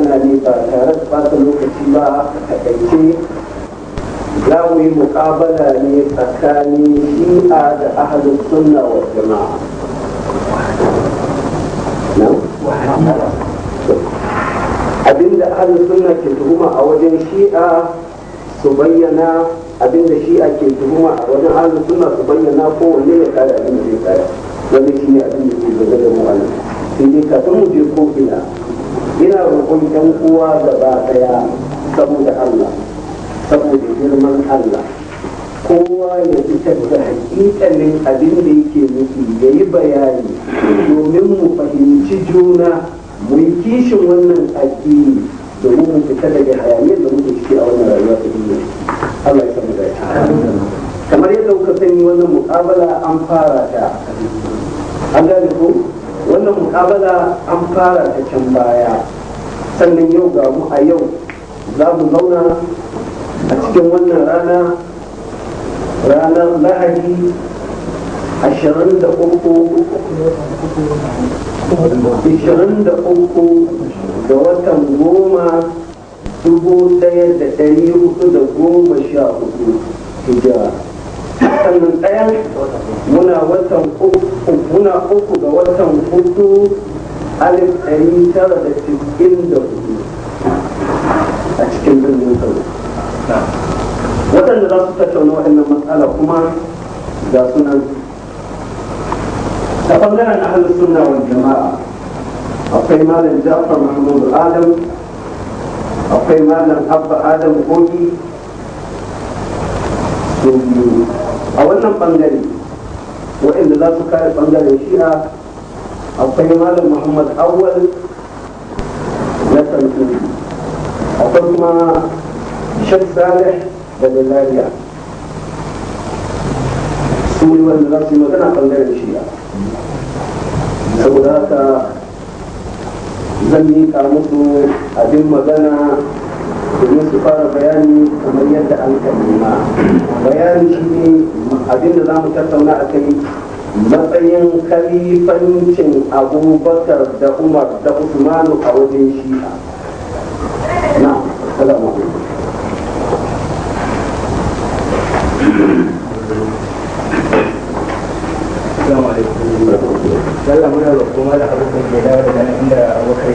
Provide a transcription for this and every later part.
magana ne ba tare da ɓata lokaci ba a taƙaice za mu yi muƙabala ne tsakanin shi'a da ahalin sunna wa jama'a abinda ahalin sunna ke tuhuma a wajen shi'a su bayyana abinda shi'a ke tuhuma a wajen ahalin sunna su bayyana kowanne ya kare abinda zai kare wanda shi ne abinda ke zaga da mu'allim sai dai kafin mu je ko ina ina roƙon ɗan uwa gaba ɗaya saboda Allah saboda girman Allah kowa ya fitar da hakikalin abin da yake nufi ya yi bayani domin mu fahimci juna mu kishin wannan addini domin mu fita daga hayaniyar da muke ciki a wannan rayuwa ta duniya Allah ya samu kamar yadda kuka sani wannan muƙabala an fara ta an gane ko wannan mukabala an fara ta can baya sannan yau ga mu a yau za mu zauna a cikin wannan rana ranar lahadi ashirin da uku ashirin da uku ga watan goma dubu ɗaya da ɗari hudu da goma sha hudu hijira sannan ɗaya muna watan muna uku ga watan hudu alif ɗari tara da cikin da hudu a cikin birnin sauro waɗanda za su tattauna waɗannan matsala kuma ga sunan ta ɓangaren ahalin suna wa jama'a akwai malam jafar mahmudu adam akwai malam abba adam gogi sun biyu a wannan bangare waɗanda za su kare bangaren shi'a akwai malam muhammad awwal na tantuni akwai kuma shek salih da zaria su ne wanda za su yi magana bangaren shi'a saboda haka zan miƙa musu abin magana domin su fara bayani kamar yadda an kalima bayani shi ne abinda za mu tattauna a kai matsayin kalifancin abubakar da umar da usmanu a wajen shi'a na roƙo dawo inda abokai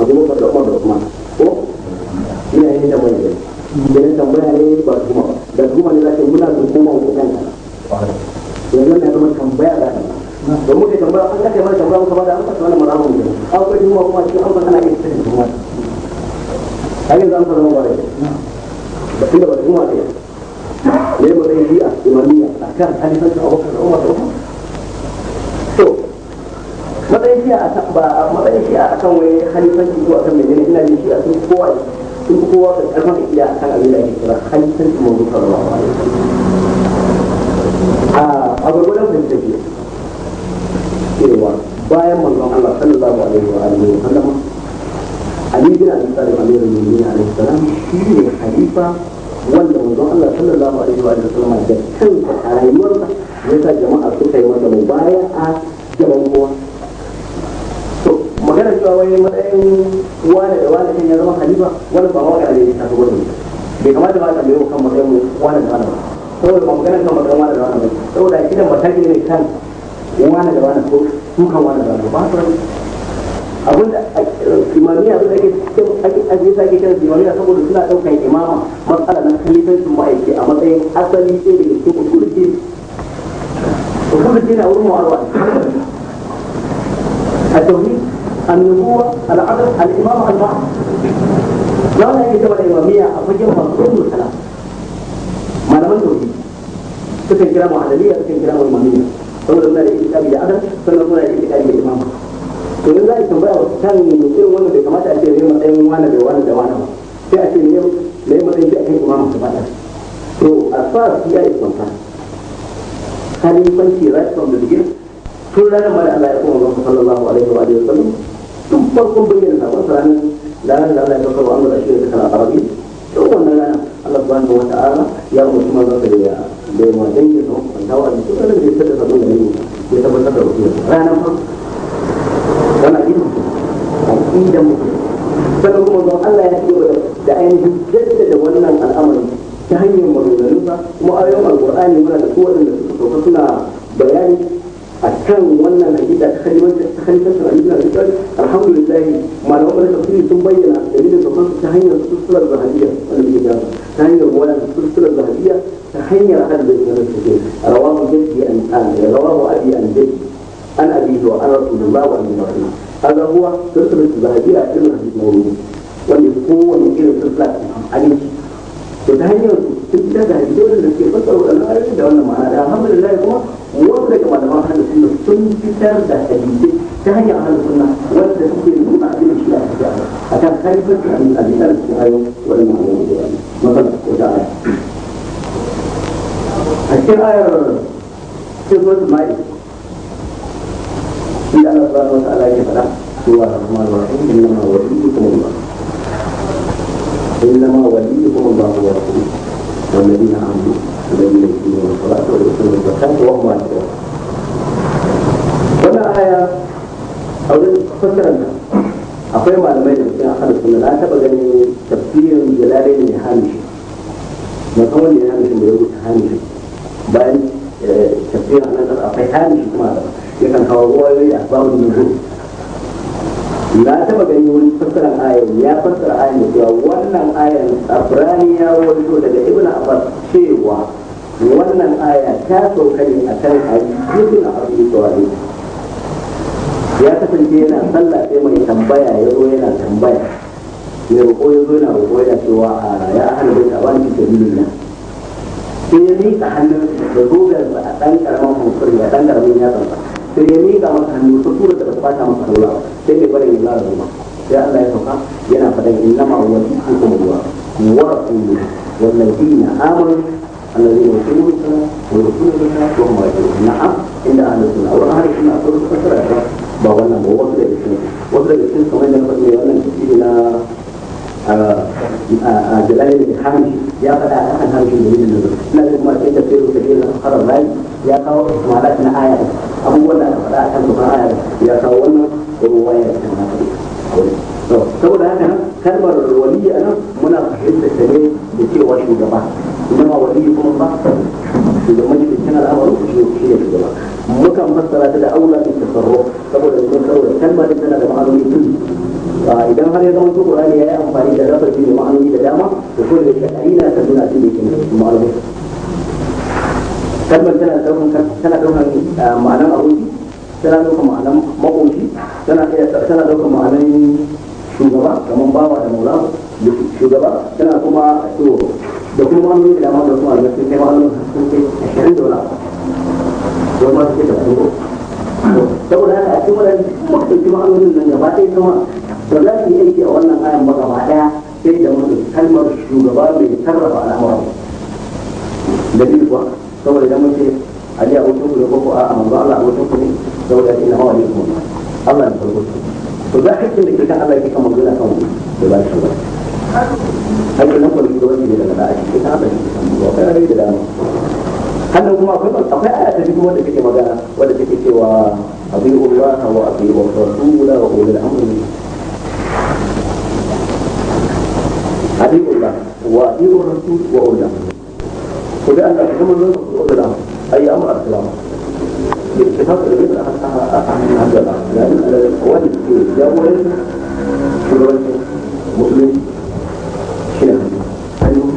aku pun pada rumah dok mak. Oh, ni ada yang tambah ni. Jadi tambah ni buat rumah. Dan rumah ni lah yang guna untuk rumah untuk kan. Jadi ni rumah tambah lah. Kamu dia tambah, apa dia mana tambah sama dah apa sama dah ni. Apa di rumah rumah itu apa nak ini? Ayo dalam dalam balik. Tapi dalam rumah dia. Dia boleh dia, dia mana dia? Akan ada satu orang orang. a ba a matsayin a kan wai halifanci ko akan menene ina jin shi sun kowa sun kowa ka karfan ka iya akan abin da ake kira halifanci mawdu a gurgurdan fahimta ke cewa bayan manzon Allah sallallahu alaihi wa alihi wa sallam Ali bin Abi Talib Amirul Mu'minin alaihi salam shi ne halifa wanda manzon Allah sallallahu alaihi wa sallam da kansa a rayuwarsa ya sa jama'a suka yi masa mubaya'a gaban kowa magana cewa wai matsayin wani da wani kan ya zama halifa wani ba ma magana ne ta tafi wani bai kamata ba ta bayo kan matsayin wani da wani ba saboda ba magana kan matsayin wani da wani ba saboda kidan mataki ne kan wani da wani ko dukan wani da wani ba su wani abinda imamiya su ake ake sa ake kiran imamiya saboda suna ɗaukar imama matsala na kalifancin ma'aiki a matsayin asali ɗaya daga cikin usulun usulun na wurin ma'arwa a tauhid النبوة العدل الإمامة المعنى ولا يجب الإمامية أفجر مظلوم الكلام ما لم توجد sukan kira mu'adaliya sukan kira mu'amaliya saboda muna da itikadi da adam sannan muna da itikadi imama to yanzu za a tambaya wa kan irin wannan bai kamata a ce ne matsayin wani bai wani da wani ba sai a ce ne ne matsayin shi akan imama ta faɗa to as far as ya yi concerned khalifanci right from the beginning tun ranar ma da Allah ya kuma Muhammad sallallahu alaihi wa sallam duk farkon bayyana sabon ranar ranar da Allah ya saukar wa Allah shi da kana arabi to wannan rana Allah subhanahu wa ta'ala ya umarci manzon da ya da ya madan ya zo wanda da duk ranar da ya tsada sabon da ya tabbatar da wuce ranar farko wannan ido aqidan mutum sannan kuma don Allah ya ce da ainihin jaddada wannan al'amari ta hanyar maganganunsa kuma ayoyin alqur'ani muna da kowanne da suka sauka suna bayani akan wannan hakika ta halittar al'adun al'adun alhamdulillah malaman da tafsiri sun bayyana dalilin da kansu ta hanyar sussular zahabiya wanda muke gaba ta hanyar wala sussular zahabiya ta hanyar hada da sunan suke rawahu jaddi an rawahu abi an jaddi an abi zuwa an rasulullah wa an nabi kaga huwa sussular zahabiya irin hadisi mawdu wanda kowanne irin sussula a cikin to ta hanyar sun daga dole da ke fasar waɗannan ayoyin da wannan alhamdulillah kuma wanda daga malaman ahlus sunna sun fitar da hadisi ta hanyar ahlus sunna wanda suke nuna abin shi a cikin a kan haifar da abin da ke ayo waɗannan ayoyin da wannan matsala ko da aya a cikin ma'i إن الله سبحانه وتعالى يقول بسم الله الرحمن الرحيم إنما وليكم يحبكم الله ورسوله والذين امنوا الذين يقيمون الصلاه ويؤتون الزكاه وهم عليكم ولا ايه او فكر انا اقوى ما لم يجد في احد السنه لا تبقى ان تفسير جلالين لهامش ما كان هامش من يقول هامش بل آه، تفسير انا اقوى هامش كما ذكر يمكن هو هو احباب النجوم na taba gani wani fassara ayar ya fassara ayar cewa wannan ayar afrani ya wato daga ibn abbas cewa wannan aya ta sauka ne a kan hadisin abu ya kasance yana sallah sai mai tambaya ya zo yana tambaya mai roƙo ya zo yana roƙo yana cewa a ya hana bai taɓa ni sabilin nan sai ya miƙa hannun da zogarsa a ɗan ƙaramin hankali a ɗan ƙaramin yatsan sai ya miƙa masa hannu ta tura da ba ta masa hannu sai mai barin yin da ruwa sai Allah ya sauka yana faɗan innama wa yusufu ruwa wa rasulu wal amanu alladhina yuqimuna wa yu'tuna wa hum raji'un inda ahlus sunna wa ahlus sunna akwai fasara ba wannan ba wasu da cikin wasu da cikin kamar da faɗi wannan cikin na جبال الحمشي يا قد أعلم الحمشي من لا تكما في تفسير كثير أخر الغيب يا قو مالتنا آية أولا فلا أحسن آية يا قولنا رواية saboda haka kalmar waliya nan muna fahimtar ta ne da cewa shugaba inama waliyu kuma ba shugaban cikin al'amarin ku shi ne fassara ta da aula in tasarruf saboda idan tana da ma'anoni tun idan har ya zama tukura ne ya yi amfani da lafazi da ma'anoni da dama to ko da shari'a na ta nuna tun da yake ma'anoni kalmar tana daukan tana daukan eh, tana daukan tana daukan shugaba kamar bawa da maula shugaba tana kuma to da kuma wani da dama da kuma kai wani sun kai da kuma saboda haka a cikin wadanda kuma to za aiki a wannan ayan ba gaba sai da mutu kalmar shugaba mai sarrafa al'amura da biyu kuwa saboda ali a ko a Allah a wucin ku saboda ina ma wani kuma Allah ya farko to za ka da Allah ya kan da ba shi ba هل نقل في وجهه لنا بعد كتابه وكان bai da dama hannun kuma akwai akwai aya ta cikin wanda take magana wanda take cewa abi Allah wa abi wa rasula wa ulil amri abi Allah wa abi rasul wa ulil amri ko da Allah kuma nan ko da ai amr al-islam الاتفاق اللي بيبقى اهم هذا لان القوات الجويه مسلم الشيخ أنه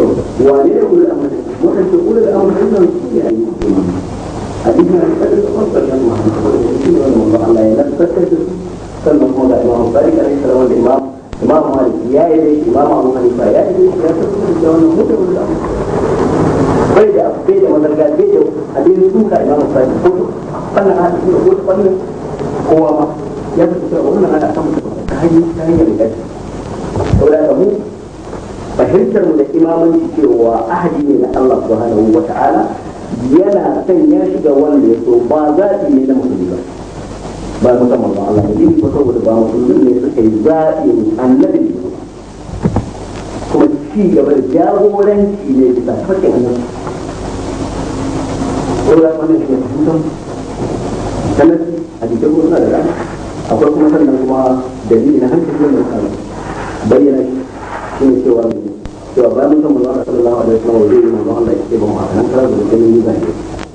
أيوه. وندعو الأمر وأن تقول الأمر أنه يعني في أن يكون أبينا أن تقصر جمع الله لا يلم تكتب سلم هو الإمام الطريق عليه السلام الإمام إمام مالك يا إليك إمام أبو حنيفة يا إليك يا تقول الجوان ندعو الأمر بيجا بيجا ودرجات بيجا أبين سوكا إمام الطريق قلت قلنا هذا قلت قلنا هو ما يبدو أن أنا أتمنى هاي هاي اللي saboda ka mu fahimtar mu da imamanci cewa ahadi ne na Allah subhanahu wa yana san ya shiga wanda ya so ba zaɓi ne na musulmi ba ba musamman ba Allah ne ba saboda ba musulmi ne suka yi zaɓin annabi ne kuma ci gaba da jagoranci ne bisa fakin annabi saboda kuma ne shi ne mutum a jikin kuma da rana akwai kuma sannan kuma dalili na hankali ne da bayyana shi cewa cewa bayan mutum manzo Allah sallallahu alaihi wasallam zai yi manzo Allah yake ban haka nan kana da ganin yi zai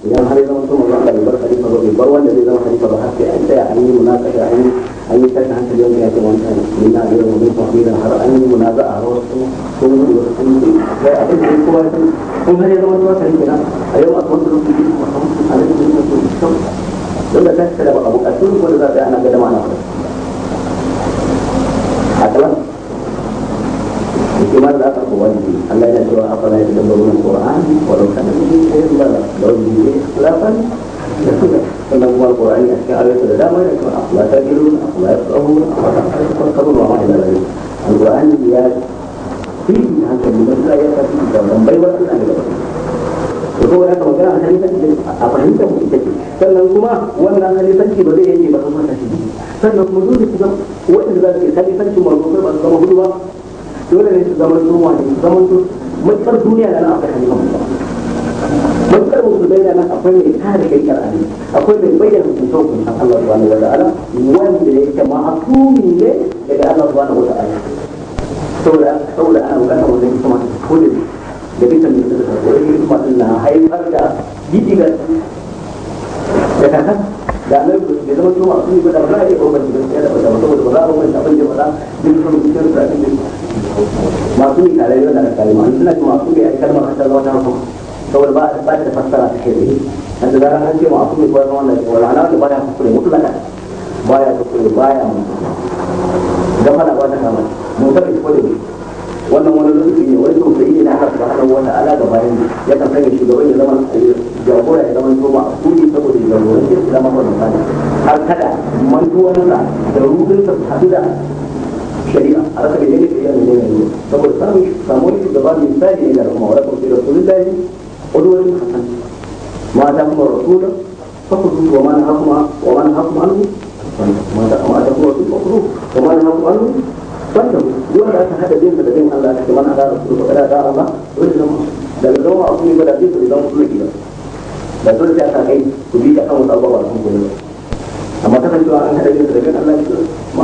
idan har ya zama mutum manzo Allah bai bar halifa ba bai bar wanda zai zama halifa ba har sai an tsaya an yi munakasha an yi an yi tashin hankali wanda ya ce wanda ne na da yawan mutum ne har an yi munaza a rawar su ko mun da wasu sun yi sai a cikin kowa ya san kun har ya zama mutum halifa na a yau a wanda rubutu ne kuma a nan ne mutum ne kan wanda ta kada ba abu a cikin wanda za ta yi ana gada ma na a kalan Cuman lah aku wajib. Allah yang doa apa lah yang kita Quran. Walau kan aku bisa lah. Lalu bisa lah kan. Tentang kuat Quran ni. Sekarang ada sudah damai. Aku lah sakirun. Aku lah sakirun. Aku lah sakirun. Aku lah sakirun. Al-Quran ni dia. Fihi yang akan dimasukkan ayat tadi. Kita membayar buat kita. Kita Kau orang kau kira hari tak jadi apa hari tak mungkin jadi. Kalau cuma wan lah hari tak jadi berdaya jadi bahasa tak jadi. Kalau mungkin juga wan lah hari tak jadi cuma bukan bahasa mahu dua dole ne su zama ne wani zama to matukar duniya da na afirka ne matukar musulmai da nan akwai mai kare kai karani akwai mai bayyana hukuncin hukuncin Allah subhanahu wa ta'ala wanda yake ma'asumi ne daga Allah subhanahu wa ta'ala saboda saboda ana bukatar wanda yake kuma dole da dukkan da suka karɓi wani hikima din na haifar da gidigar da kakan da nan da zama to ma'asumi ba da ba za a iya bambanci gaskiya da ba da ba saboda ba za a bambanta abin da ba za a dukkan mutum da abin da masu yi tare da kalma in suna cewa masu yi kalmar hasa zama ta kuma saboda ba ba da fassara ta kai a da an ce ma akwai kuwa zama wala ana da baya kuskure mutlaka baya baya ba ta kama mun ko da wannan wani lokaci ne wani lokaci ne na harfa ba wata ala ga bayan ya kan sanya shugaban ya zama jagora ya zama to ma kudi saboda ya zama wani zama wannan har kada mantuwarsa da rubinsa su haɗu da shari'a a rasa da yanayi shari'a da yanayi saboda samun samu wani shugaba misali ne da al'umma wa rakon sai rasulullahi ƙudurin hasan ma ta kuma rasulun fakudu wa ma na hakuma wa ma na hakuma anhu ma ta kuma rasulun fakudu wa ma na hakuma anhu banda wanda aka hada bin da bin Allah da man hada rasul ko da Allah dole zama da zama abu ne da bin da zama kai ku bi da kan wasu abubuwa sun kullu amma ta kan cewa an hada bin da bin Allah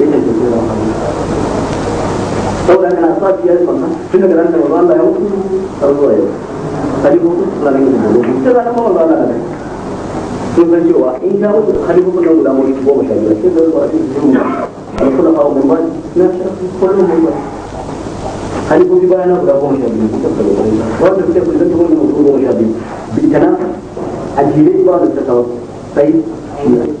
yake tafiya saboda kana sa biyar kwanna tun daga ranar da Allah ya mutu har zuwa yau halifofin tsananin da gobe ita za ta mawa zana da kai sun san cewa in ka mutu halifofin nan guda mai goma sha biyar sai da zuwa cikin zuwa alkula hawa mun ba na shafi kullum mun ba halifofi baya na guda goma sha biyu suka kalli wanda suka kalli zanta wani mutum goma sha biyu bi kana a jire ba da ta kawo sai shi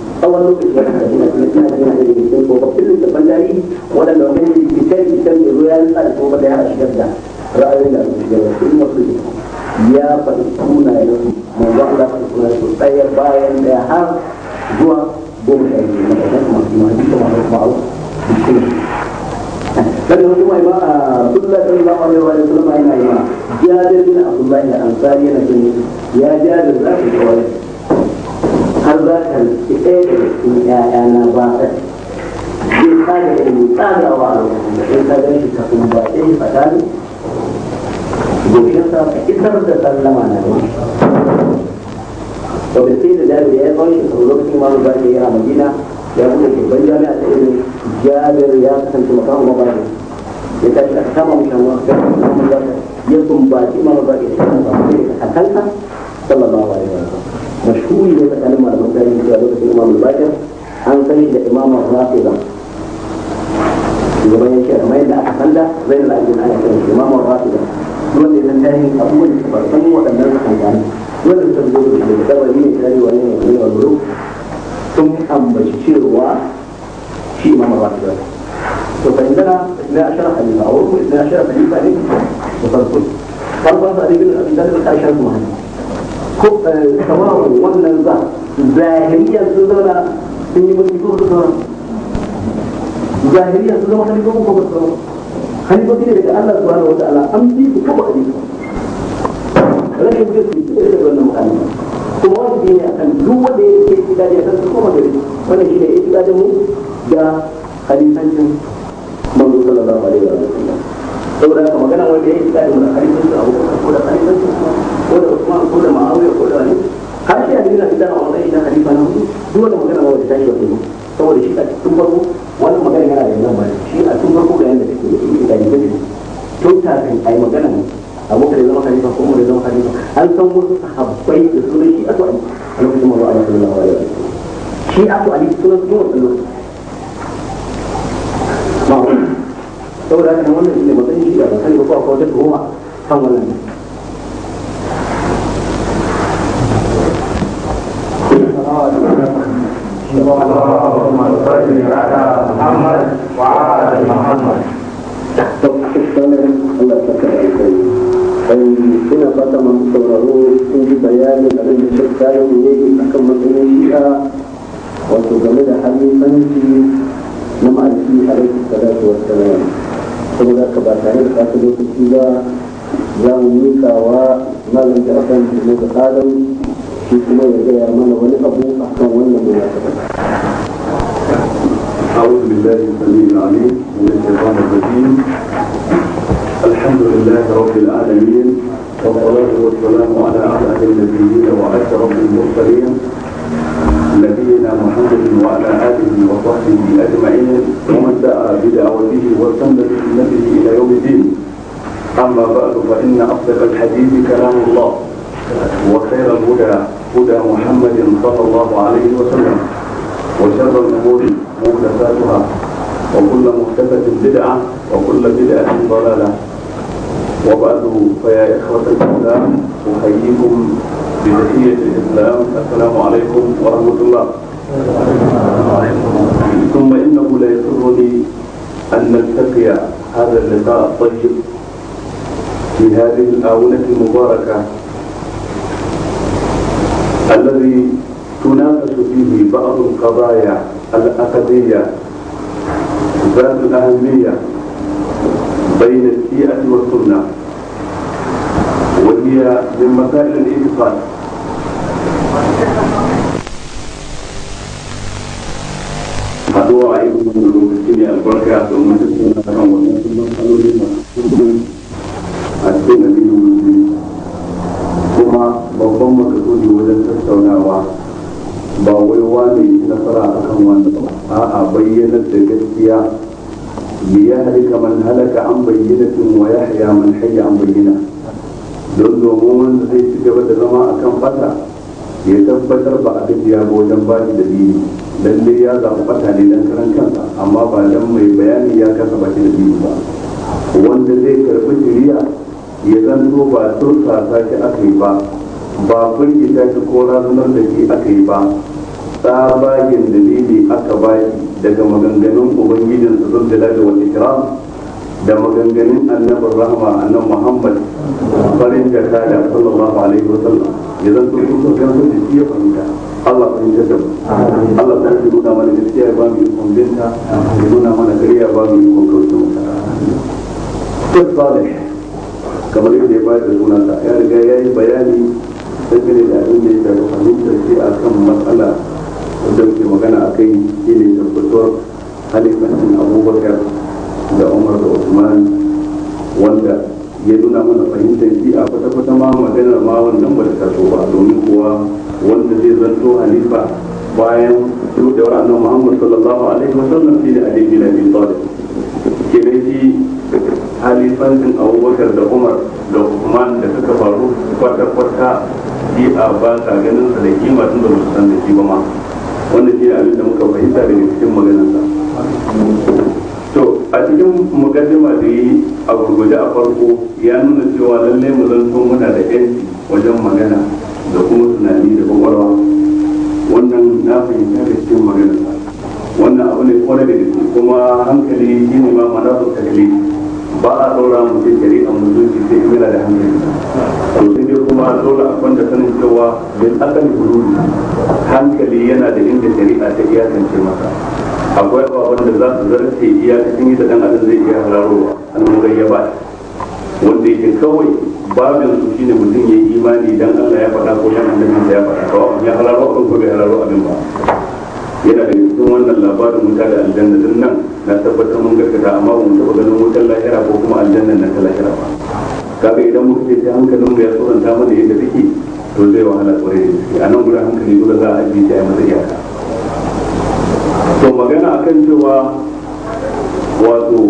tsawon lokaci ya kasance na cikin suna cikin hajji da cikin tsofaffin littafan tarihi waɗanda wani ne bitan bitan da zo ya rutsa da tsofa da ya shigar da ra'ayoyin da aka shigar da su masu ya faɗi sunayen manzo Allah faɗi sunayen bayan da har zuwa goma sha da ba a ah, sunna sallallahu alaihi wa sallam yana yi ma jabir bin abdullahi ansari yana cewa ya jabir za ka kawai Kalbakan ya, ya, eh. kita ini anak bapa. Kita jadi minta awal. Kita jadi kita pun baca ini pasal. Jika tak kita sudah tanda mana. Tapi tidak dari dia pun sebelum kita mahu baca ini ramai dina. Dia pun ikut belajar ada ini. Jadi dia akan cuma kamu mau baca. Kita tidak sama macam orang. Dia pun baca mahu baca ini. Akankah? Sallallahu alaihi wasallam. مشهور إذا تكلم عن مكان يسوع في الإمام الباكر عن سيد الإمام الرافضة إذا ما يشاء ما يدعى أفندى غير العجل عن سيد الإمام الرافضة دون إذا انتهي أبوه الكبر ثم وكان نرفع عن ولا تبدو في الكبر ولي إسرائي ولي إسرائي والملوك ثم أم بشير في إمام الرافضة وفإن لنا إثناء عشر خليفة أو إثناء عشر خليفة لكم وفرقوا فرقوا فأني بالأبي ذلك أشهر مهندس ko eh, wannan za zahiriyar sun da sun yi mulki ko su zauna zahiriyar sun zama halifa ko ba su zama halifa ne daga Allah subhanahu wa ta'ala an bi su kaba a jiki rashin jin su su da wannan mutane kuma wajibi ne akan duk wanda ya ke gidaje ta kansu koma gari wannan shi ne ya gidajen mu da halifancin manzo sallallahu alaihi wa sallam saboda haka magana wanda ya yi da da halittar su abu ko da halittar su ko da usman ko da ma'awiya ko da wani har shi hadisi na fitar a wannan idan halifa na hudu duk wanda magana wanda ta yi wa kuma saboda shi a cikin farko wannan magana yana da yawan bayan shi a tun farko ga yadda take da shi da yadda tun kafin a yi magana abu da zama halifa ko mu da zama halifa an san wasu sahabbai da sunan shi a lokacin mawa sallallahu alaihi wa sallam shi a to a yi sunan sunan saboda haka nan wannan shine matsayin shi da ban sani ba ko akwai wata tuhuma kan wannan اللهم صل على محمد وعلى محمد Allah ta kare kai sai ina fata masu sauraro sun ji bayanin abin da shi kayan ne akan matsayin shi'a wato game da halin sanci na ma'aiki alaihi salatu wassalam kuma za ka ba tare da ka lokaci ba za mu mika wa malam da akan mu da kalan shi kuma ya gaya mana wani abu akan wannan munasaba أعوذ بالله السميع العليم من الشيطان الرجيم الحمد لله رب العالمين والصلاة والسلام على أعلى النبيين وأشرف المرسلين نبينا محمد وعلى آله وصحبه أجمعين ومن دعا بدعوته واستنى بسنته إلى يوم الدين أما بعد فإن أصدق الحديث كلام الله وخير الهدى هدى محمد صلى الله عليه وسلم وشر الأمور محدثاتها وكل محدثة بدعة وكل بدعة ضلالة وبعد فيا إخوة الإسلام أحييكم بتحية الإسلام السلام عليكم ورحمة الله ثم إنه لا يسرني أن نلتقي هذا اللقاء الطيب في هذه الآونة المباركة الذي تناقش فيه بعض القضايا الأقدية ذات الأهمية بين الشيعة والسنة وهي من مسائل الاعتقاد addu'a a domin kan a cikin kuma babban makasudi wajen tattaunawa ba wai wane yi nasara a kan ba a'a bayyanar da gaskiya liyahlika kamar halaka an bayyana wa yahya an bayyana don domin wanda zai ci gaba da zama akan fata ya tabbatar ba a tafiya ba wajen ba shi dalili dai ya zaɓi fata ne dan karan kansa amma ba dan mai bayani ya kasa ba shi dalili ba wanda zai karɓi shiriya ya zanto ba turka ta shi aka yi ba ba ta shi ko ranar da shi aka yi ba tsabagen dalili aka ba daga maganganun ubangijin su zan da wani kiram da maganganun annabar rahama annan muhammad farin jaka da sallallahu alaihi wasallam idan zanto kusa san kan da shi ya fahimta Allah ba fahimta da Allah ta shi nuna mana gaskiya ya ba mu ikon binta ya nuna mana ƙarya ba mu ikon kauce mata Ted Saleh kamar yadda ya bayar da sunanta ya riga ya yi bayani dangane da abin da ya tafi fahimtar shi a kan matsala wanda muke magana a kai shi ne tabbatuwar halifancin abubakar da umar da usman wanda ya nuna mana fahimtar a kwata-kwata ma maganar ma wannan ba ta taso ba domin kuwa wanda zai zanto halifa bayan da wa'annan muhammad sallallahu alaihi wa sallam shi da ali bin abi talib kenan shi halifancin abubakar da umar da usman da suka faru kwata-kwata a ba ta ganin sa da kima tun da musu san da shi ba ma wannan shi ne abin da muka fahimta daga cikin maganarsa a cikin mukaddima da yi a gurguje a farko ya nuna cewa lalle mu zanto muna da yanci wajen magana da kuma tunani da kwakwalwa wannan na fahimta da cikin magana wannan abu ne kwanar da gaske kuma hankali shi ne ma mana su kalli ba a ɗora mu gari a musulunci sai in da hankali to sai dai kuma dole a kwanta sanin cewa bin akali hankali yana da inda shari'a ta iyakance masa akwai abin da za su zarce cikin yi da dan abin zai iya hararowa al-mughayyaba wanda yake kawai babin su ne mutum ya yi imani dan Allah ya faɗa ko dan Allah ya faɗa ko ya halaro ko ko bai halaro abin ba yana da cikin wannan labarin wuta da aljanna din nan na tabbatar mun karkata amma ba mu taɓa ganin wutar lahira ko kuma aljannan nan ta lahira ba kaga idan muka ce ta hankalin mu ya tsoranta mana yadda take to zai wahala kwarai da gaske a nan gurin hankali dole za a ajiye ta a masa iyaka so magana a kan cewa wato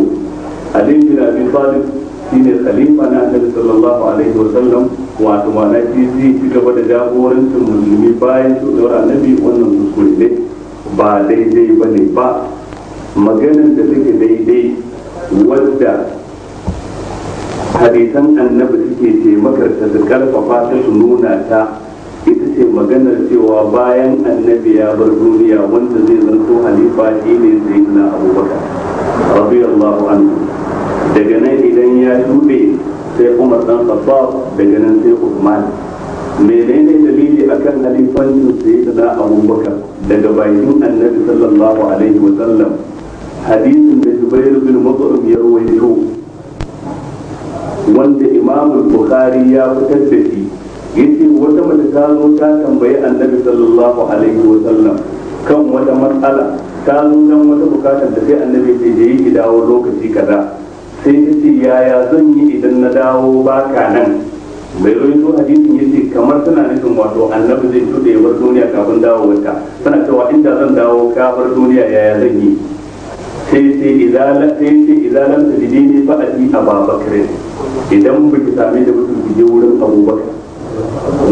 ali bin abi talib shine khalifa na annabi sallallahu alaihi wa sallam wato ma na zai ci gaba da jagorancin musulmi bayan shugabar annabi wannan kuskure ne ba daidai ba ne ba maganar da take daidai wadda hadisan annabi suke taimakar ta su karfafa ta su nuna ta ita ce maganar cewa bayan annabi ya bar duniya wanda zai zanto halifa shi ne zai na abubakar radiyallahu anhu daga nan idan ya dube sai kuma dan khattab daga nan sai usman menene dalili akan halifancin sayyidina abubakar daga bakin annabi sallallahu alaihi wa sallam hadisin da jubair bin mut'im ya rawaito wanda Imamul bukhari ya fitar da shi yace wata mace ta zo ta tambayi annabi sallallahu alaihi wa sallam kan wata matsala ta zo dan wata bukatar da sai annabi ce je ki dawo lokaci kaza sai ta ce yaya zan yi idan na dawo baka nan bai rawaito hadisin yace kamar tana nufin wato annabi zai tude bar duniya kafin dawo wata tana cewa inda zan dawo kafar duniya yaya zan yi sai sai idan sai sai idan a yi a ati idan baki sami da mutum je wurin abubakar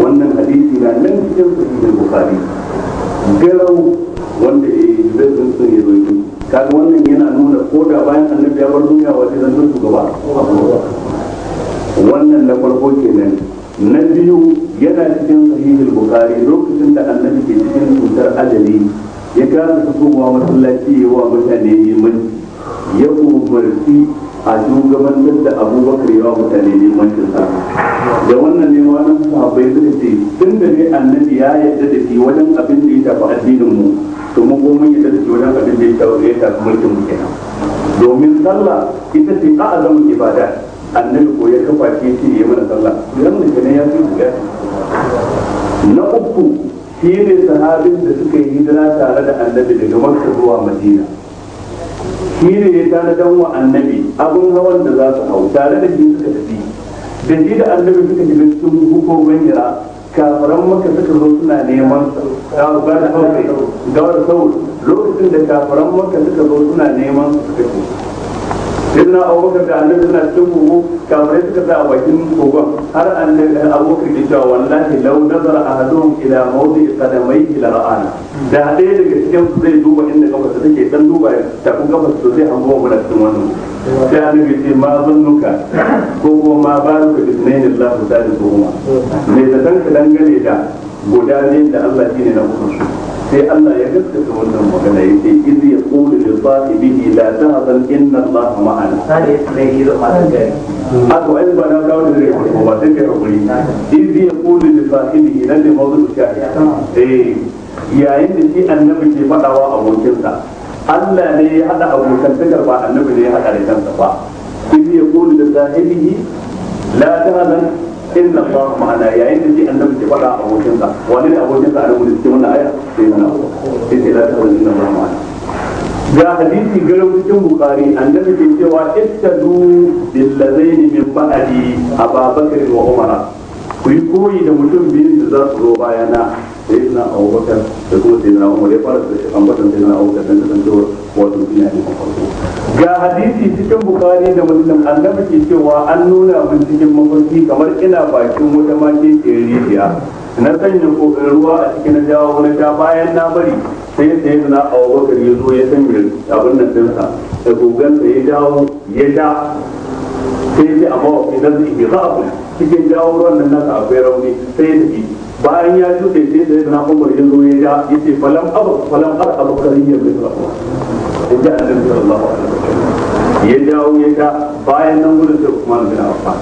wannan hadisi na nan cikin sahihin bukhari garau wanda ya yi zai zan sun ya zoji kaga wannan yana nuna ko da bayan annabi ya bar duniya wace zan zan gaba wannan na farko kenan na biyu yana cikin sahihin bukhari lokacin da annabi ke cikin cutar ajali ya kasa fitowa masallaci wa mutane yi ya umarci a shugabantar da abubakar yawa mutane wancan sa da wannan ne wani sahabbai suka ce tun da ne annabi ya yadda da shi wajen abin da ya tafi addinin mu to mu ko mun yadda da shi wajen abin da ya tafi mulkin mu kenan domin sallah ita ce a azamin ibada annabi ko ya kafa shi ce ya mana sallah idan mutum ne ya fi guda na uku shi ne sahabin da suka yi hijira tare da annabi daga makka zuwa madina shi ne ya dan wa annabi abin hawan da za su hau tare da shi suka tafi da shi da annabi suka shiga sun hukumin hira kafiran maka suka zo suna neman gawar sauri lokacin da kafiran maka suka zo suna neman su suka sayyidina abubakar da annabi suna cikin kamar yadda suka sa a bakin kogon har annabi abubakar ke cewa wallahi lau nazara hadu ila mawdi qadamayhi ila ra'ana da ɗaya daga cikin su zai duba inda kafar ta take dan duba tafin kafar su zai hango da cikin wannan sai annabi ce ma zannuka ko ko ma baruka za Allah ta da tuhuma me da ka dangane da guda ne da Allah shine na hukunci sai Allah ya gaskata wannan magana ya ce iz ya qulu li sahibihi la tahzan inna Allah ma'ana sai sai yi zama da gari haka wai ba na kawo da zai ko ba sai kai hakuri iz ya qulu li sahibihi nan ne mawdu ya eh yayin da shi annabi ke fadawa abokinsa Allah ne ya hada abokantakar ba annabi ne ya hada da kansa ba iz ya qulu li sahibihi la tahzan inna Allah ma'ana yayin da shi a nan gudu cikin wannan aya sai yana sai sai la ta wani inna Allah ma'ana bukari annabi ke cewa ittadu billazaini min ba'di ababakar wa umara ku koyi da mutum biyu da za zo bayana sai na abubakar da kuma sai na umar ya fara da ambatan sai na wato ina ne a farko ga hadisi cikin bukari da muslim annabi ke cewa an nuna min cikin mafarki kamar ina bakin wata mace ke rijiya na sanya ruwa a cikin jawo na ja bayan na bari sai sai na abubakar ya zo ya sanya abin nan dinsa da gogansa ya jawo ya sha sai ya ce amma wa fi nazi ihrafu cikin jawo ruwan nan nasa akwai rauni sai ya tafi bayan ya shuɗe sai sai da na umar ya zo ya ja ya ce falam abu falam ar abu kariya bai zuwa ya ja annabi sallallahu alaihi wasallam ya dawo ya ja bayan nan gudun sai Usman bin Affan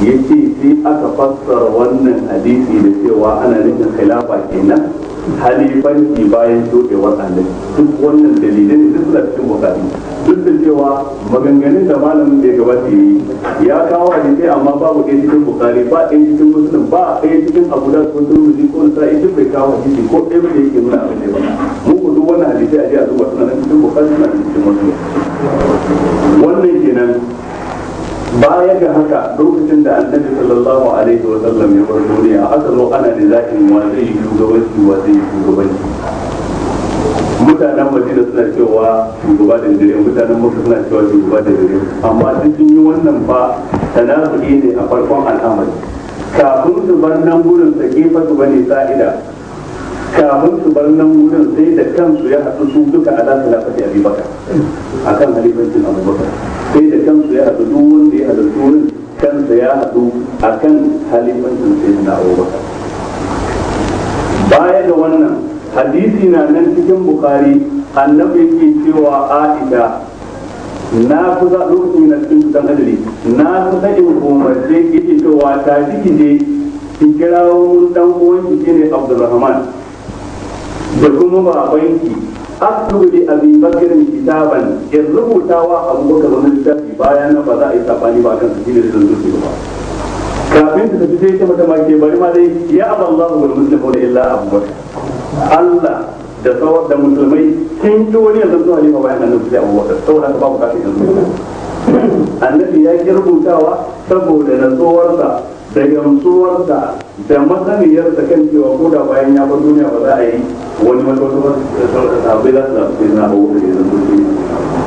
ya ce sai aka fassara wannan hadisi da cewa ana nufin khilafa kenan halifanci bayan shobewar wasannin duk wannan dalilai duk suna cikin bukari duk da cewa maganganun da malamin da ya gabata yi ya kawo hadisai amma babu ɗaya cikin bukari ba ɗaya cikin musulun ba ɗaya cikin abu da ko turmuzi ko sa duk bai kawo hadisi ko ɗaya bai yake nuna abin da ya bata mu ku duk wannan hadisai a jiya a suna cikin bukari suna cikin musulun wannan kenan baya ga haka lokacin da annabi sallallahu alaihi wa sallam ya bar duniya aka zo ana da zakin wa zai yi shugabanci wa zai yi shugabanci mutanen madina suna cewa shugaba da dare mutanen makka suna cewa shugaba da dare amma duk sun yi wannan ba tanazuki ne a farkon al'amari kafin su bar nan gurin sa gefa su bane sa'ida kafin su bar nan gurin sai da kansu ya haɗu su duka ala salafati abubakar akan halifancin abubakar sai da kansa ya haɗu duk wanda ya hadu turin kansa ya haɗu a kan halifancin sai na abubakar baya da wannan hadisi na nan cikin bukari annabi yake cewa aisha na kusa lokacin na cikin kusan hadari na kusa in umarce yake cewa ta ciki je ki kirawo dan uwanki shine abdulrahman da kuma babanki aktubu li abi bakr kitaban in rubuta wa abu bakr wannan littafi bayan nan ba za a yi sabani ba kan su ne da zan ba kafin ta tafi sai ta mata ma ke bari ma dai ya aballahu wal muslimuna illa abu bakr Allah da tsawar da musulmai sun ci wani yanzu zuwa lima bayan annabi sai abu bakr saboda ka babu kafin yanzu annabi ya ki rubutawa saboda natsuwarsa da gamsuwarsa da masaniyar ta kan cewa ko da bayan ya bar duniya ba za a yi wani wata wata sahabbai za su zaɓi sai na abu da ya zanto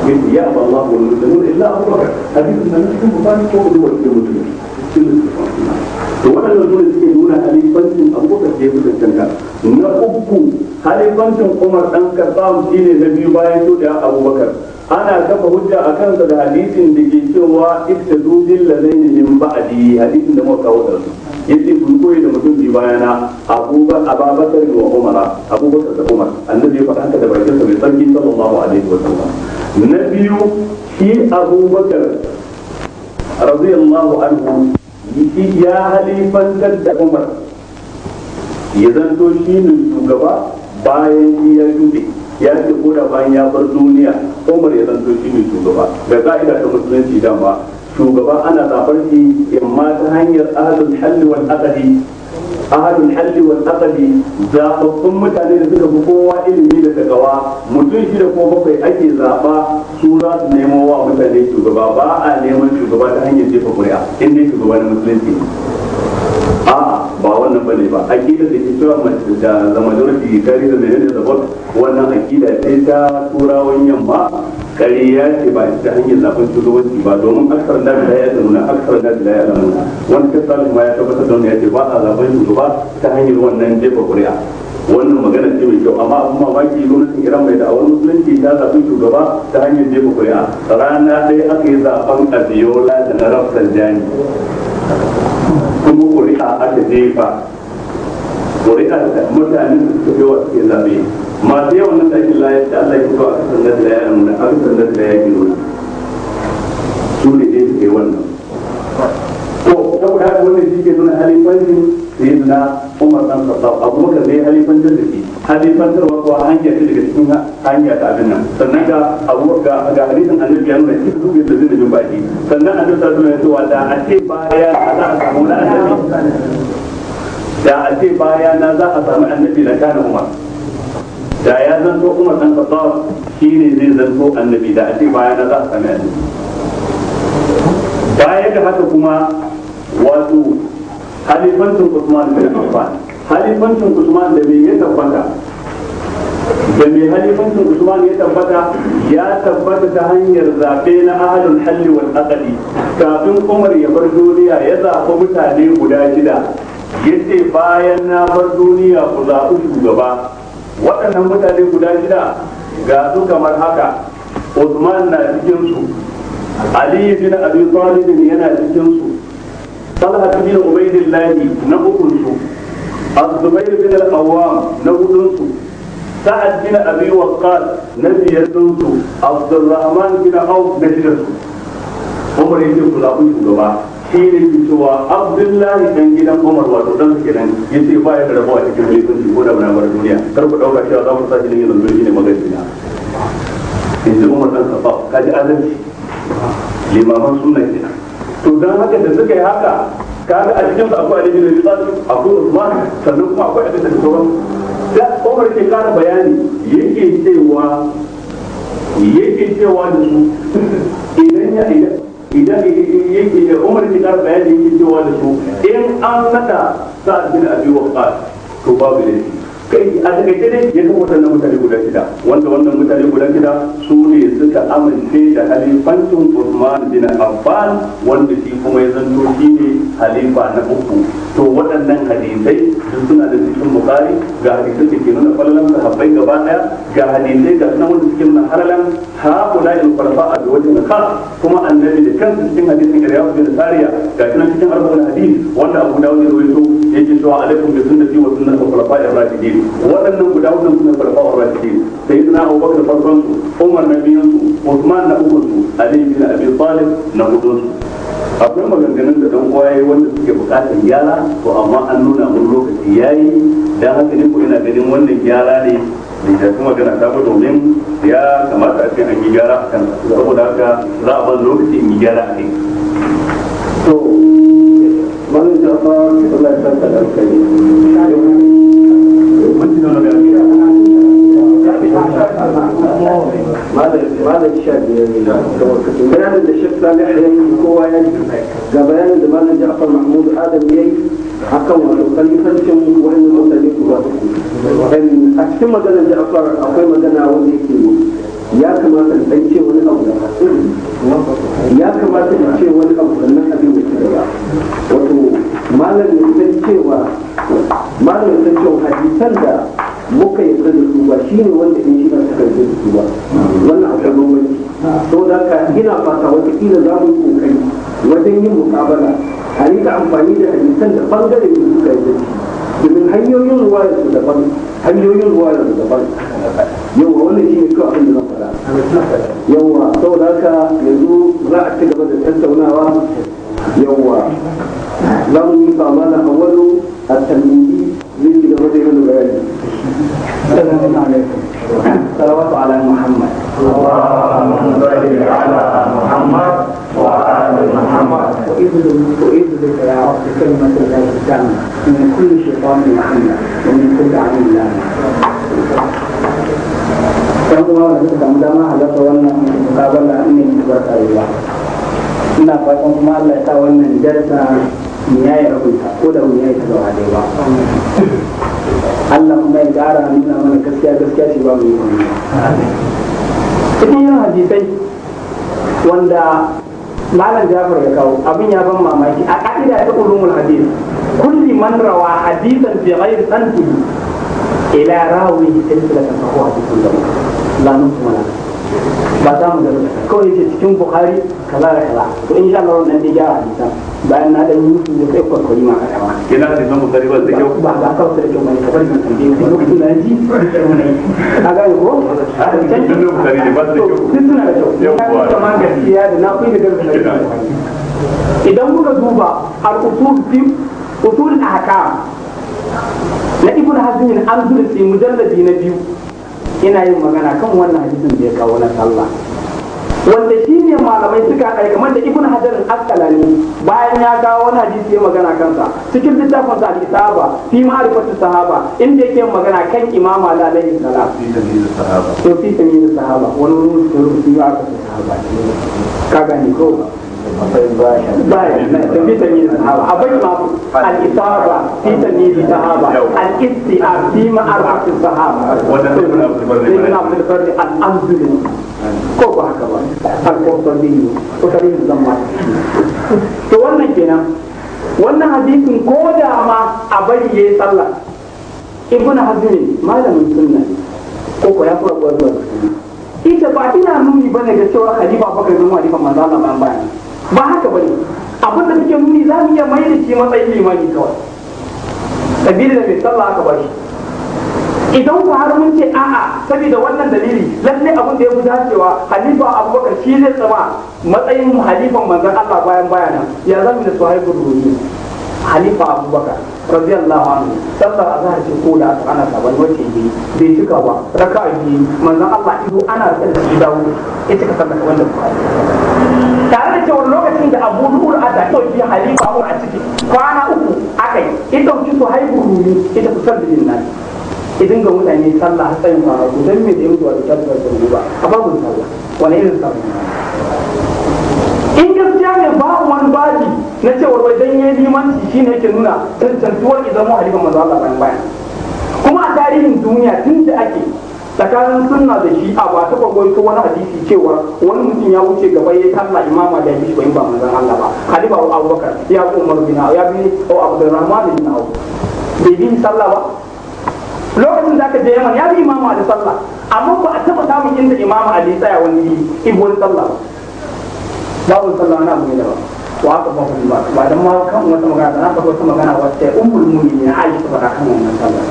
yin ya ba Allah wani mutum illa abu bakar nan cikin bukari ko wani wani mutum to waɗannan zuwa suke nuna halifancin abubakar da ya fi cancanta na uku halifancin umar ɗan karɓa shi na biyu bayan shuɗe abubakar ana kafa hujja a kansa da hadisin da ke cewa ita dubin lalaini min ba'adi hadisin da muka kawo da su yace kun koyi da mutum bi bayana abubakar da umara abubakar da umar annabi ya faɗa haka da bakin sa mai tsarki sallallahu alaihi wa sallam na biyu shi abubakar radiyallahu anhu ya halifantar da umar ya zanto shi ne shugaba bayan ya shuɗe ya ce ko da bayan ya bar duniya umar ya zanto shi ne shugaba da ka'ida ta musulunci dama shugaba ana zafar shi imma ta hanyar ahadul halli wal aqdi ahadul halli wal aqdi zababbun mutane da suka fi kowa ilimi da takawa mutum shi da kuma bakwai ake zaba su za su nemo wa mutane shugaba ba a neman shugaba ta hanyar jefa kuri'a inda shugaba na musulunci a ba wannan bane ba aqida da kira mace da zama jordi kari da menene da bot wannan aqida ce ta turawan yamma kari ya ce ba ta hanyar zafin shugabanci ba domin aksar da la ya nuna aksar da la ya nuna wani kasar ma ya tabbatar da ya ce ba a zafin shugaba ta hanyar wannan jefa kuri'a wannan magana ce mai kyau amma abin mamaki gwamnatin iran mai da awon musulunci ta zaɓi shugaba ta hanyar jefa kuri'a rana ɗaya aka yi zafin abiyola da na rafsar jani kuma ƙuri'a aka jefa ƙuri'a da mutane da suka yawa suke zaɓe masu yawan nan da ake layar da Allah ya fito a kasan da ya nuna a kasan da ya nuna su ne dai suke wannan to saboda haka wannan shi ke nuna halin banjin sayyidina Umar dan Khattab Abubakar ne halifantar da shi halifantar wa kuwa daga cikin hanya abin nan sannan ga Abu ga ga hadisin Annabi ya nuna cikin zuwa da zai jin baki sannan Annabi sallallahu alaihi wasallam ya ce da a ce baya za a samu na Annabi da a ce baya na za a samu na kana Umar da ya zanto Umar dan da a ce baya na za a kuma wato halifancin usman halifancin usman da me ya tabbata da mai halifancin usman ya tabbata ya tabbata ta hanyar zaɓe na ahalin halli wal kafin umar ya bar duniya ya zaɓi mutane guda shida yace bayan na bar duniya ku zaɓi shugaba waɗannan mutane guda shida ga su kamar haka usman na cikinsu ali bin abi talib yana cikinsu talha bin ubaidillah na ukun su az-zubair bin al na hudun su sa'ad bin abi waqqas na biyar din su abdurrahman bin auf na biyar su umar yake kula ku shugaba shi ne ke cewa abdullahi dan gidan umar wato dan su kenan yace ba ya da rabuwa cikin mulkin ko da bana bar duniya kar ku dauka cewa za mu sa shi ne yanzu shine magani na yanzu umar dan kafa kaji azanci limaman sunna kenan to don haka da suka yi haka kaga a cikin su akwai alibi a tsari akwai usman sannan kuma akwai abin da sauran da umar ke kara bayani yake cewa yake cewa da su idan ya idan yake da umar ke kara bayani yake cewa da su in an nada sa'ad bin abi waqqas to babu laifi kai a takaice dai ya kan waɗannan mutane guda shida wanda wannan mutane guda shida su ne suka amince da halifancin Usman bin Affan wanda shi kuma ya zanto shi ne halifa na uku to waɗannan hadisai duk suna da cikin bukari ga hadisai da ke nuna falalan sahabbai gaba daya ga hadisai ga sunan wanda suke nuna halalan haƙula il farfa a da wajen ka kuma annabi da kansa cikin hadisin da yawo bin sariya ga sunan cikin arba'in hadisi wanda abu dawud ya rawaito yake cewa alaikum bi sunnati wa sunnati al-khulafa'i ar-rashidin waɗannan guda wannan suna farfawar rashidi sai na abubakar farkon su umar na biyan su usman na ukun su ali bin abi talib na hudu su akwai maganganun da dan uwaye wanda suke bukatar gyara to amma an nuna mun lokaci yayi dan haka ne ko ina ganin wannan gyara ne da kuma magana ta ba domin ya kamata a ce an yi gyara a saboda haka za a ban lokaci in yi gyara a kai to malam jafa Allah ya san da ماذا ماذا الشاب بيان الشيخ صالح يي كوا يي بيان ماذا جعفر محمود آدم يي حكم خليفة وإن المسلمين إن أكتم مدن جعفر أقوي مدن أوليك يا كما تنتهي ولا أولى يا كما تنتهي ولا أولى النبي وتبعه malam ya san cewa malam ya san cewa hadisan da muka yarda da su ba shine wanda in shi na suka yarda da su ba wannan akwai bambanci saboda haka ina fata wata kila za mu yi kokari wajen yin muƙabala a rika amfani da hadisan da bangare ne suka yarda da shi domin hanyoyin da su daban hanyoyin ruwa ruwayar su daban yawa wannan shi ne kawai abin da na faɗa yawa saboda haka yanzu za a ci gaba da tattaunawa yawwa za mu yi kama na awalu a tamimi zai ci gaba da yi mana bayani salamu alaikum salawatu ala muhammad اللهم صل على محمد وآل محمد وإذ بك يا رب كلمة الله التامة من كل شيطان محمد ومن كل عين لامة dan kuma da suka samu dama halarta wannan mukabala ne barka da ina fatan kuma Allah ya sa wannan darsa mu yi rabunta ko da mun yi ta gaba dai ba Allah kuma ya ƙara nuna mana gaskiya gaskiya shi ba mu yi cikin yin hadisai wanda malam jafar ya kawo abin ya ban mamaki a ka'ida ta ulumul hadis kulli man rawa hadisan bi ghairi sanadi ila rawi silsilatan fa huwa hadithun dhaif la nuqmana ba za mu gano kawai yace cikin buhari kaza da kaza to insha Allah wannan dai gyara hadisan bayan na dan yi da kai kwakwari ma kada ma kina da zan mutari ba da kyau ba ba ka da mai kwakwari kan tambaye ni lokacin da ji a ga ko a ah, da kan da mutari ne ba da kyau duk suna da kyau yawa kuma gaskiya da na kuyi da gaskiya idan kuka duba al-usul fi usul ahkam na ibn hazm al-andalusi mujalladi na biyu ina yin magana kan wannan hadisin da ya kawo na sallah wanda shi ne malamai suka haɗa kamar da ibn hajar al-asqalani bayan ya kawo wani hadisi ya magana kansa cikin littafin sa al-isaba fi ma'rifatu sahaba inda yake magana kan imam ali alaihi salam fi sahaba to fi sahaba wani rubutu rubutu ya ka sahaba ka gani ko في تمييز الصحابة الإصابة في تمييز الصحابة الاستيعاب في معرفة الصحابة ابن عبد البر الأنزلي كوكو هكذا القرطبي وتاريخ الزمان تولنا كنا wannan hadisin ko da ma a bari ya yi sallah ibn hazmi malamin sunna ko ko ya fara gwargwar ita ba ina nuni bane ga cewa khalifa baka zama khalifa manzo Allah bayan bayan ba haka bane abin da suke nuni za mu iya mai da shi matsayin limani kawai sabili da mai sallah aka bari idan ku har mun ce a'a saboda wannan dalili lalle abin da ya fi dacewa halifa abubakar shi zai tsama matsayin halifan manzon Allah bayan bayana ya zama da su haifar rumi halifa abubakar radiyallahu anhu sallar azhar ce ko da aka ana sabon wace yi bai cika ba raka biyu manzon Allah ido ana son da shi dawo ya cika sallar wanda ba tare da cewa lokacin da Abu nuhur a ya ɗauki halifa a ciki kwana uku aka yi ita ku su haihu rumi ita ku sallar nan idan ga mutane sallah har tsayin kwana ku don me da yin zuwa da sallar ba a babu sallah wani irin sallah in gaskiya ne ba wani babi na cewar wai dan yayi limanci ne yake nuna tantantuwar izamo halifan manzo Allah bayan bayan kuma a tarihin duniya tun da ake tsakanin sunna da shi a ba taba gwaito wani hadisi cewa wani mutum ya wuce gaba ya kalla imama da shi bai ba Allah ba halifa Abubakar ya bi Umar bin ya bi Abdurrahman bin bai bi sallah ba lokacin da aka je Yaman ya bi imama da sallah amma ba a taba samun inda imama Ali tsaya wani wani sallah ba babu sallah na abu ne ba wa ka ba ku ba ba dan ma kan wata magana na faɗo wata magana wacce ummul mu'minin Aisha faɗa kan wannan sallah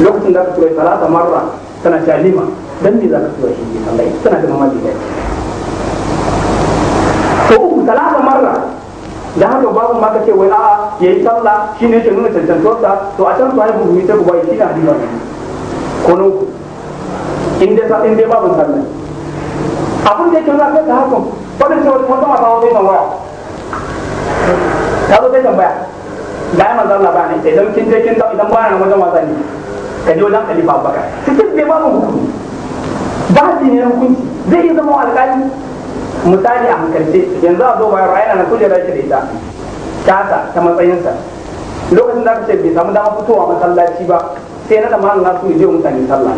lokacin da ka tura salata marra tana cewa lima dan me za ka tura shi sallah tana da mamaki kai to salata marra da haka babu ma kace wai a'a yayi sallah shine yake nuna cancantuwarsa to a can su haihu mu ta gaba shi ne hadisa ko nan ku in dai sa in dai babu sallah abin da yake nuna kai da hakan wannan sai wata mata wata mai waya ta zo ta tambaya da ya manzo Allah ba idan kin je kin idan ba na wajen wasa ne ka je wajen alifa Abubakar cikin bai ba mu hukumi ne na hukunci zai iya zama alƙali misali a hankalce yanzu a zo a ra'ayana na kujera shi da ita tasa ta matsayinsa lokacin da aka ce bai samu dama fitowa masallaci ba sai na tsammanin na su je mutane sallah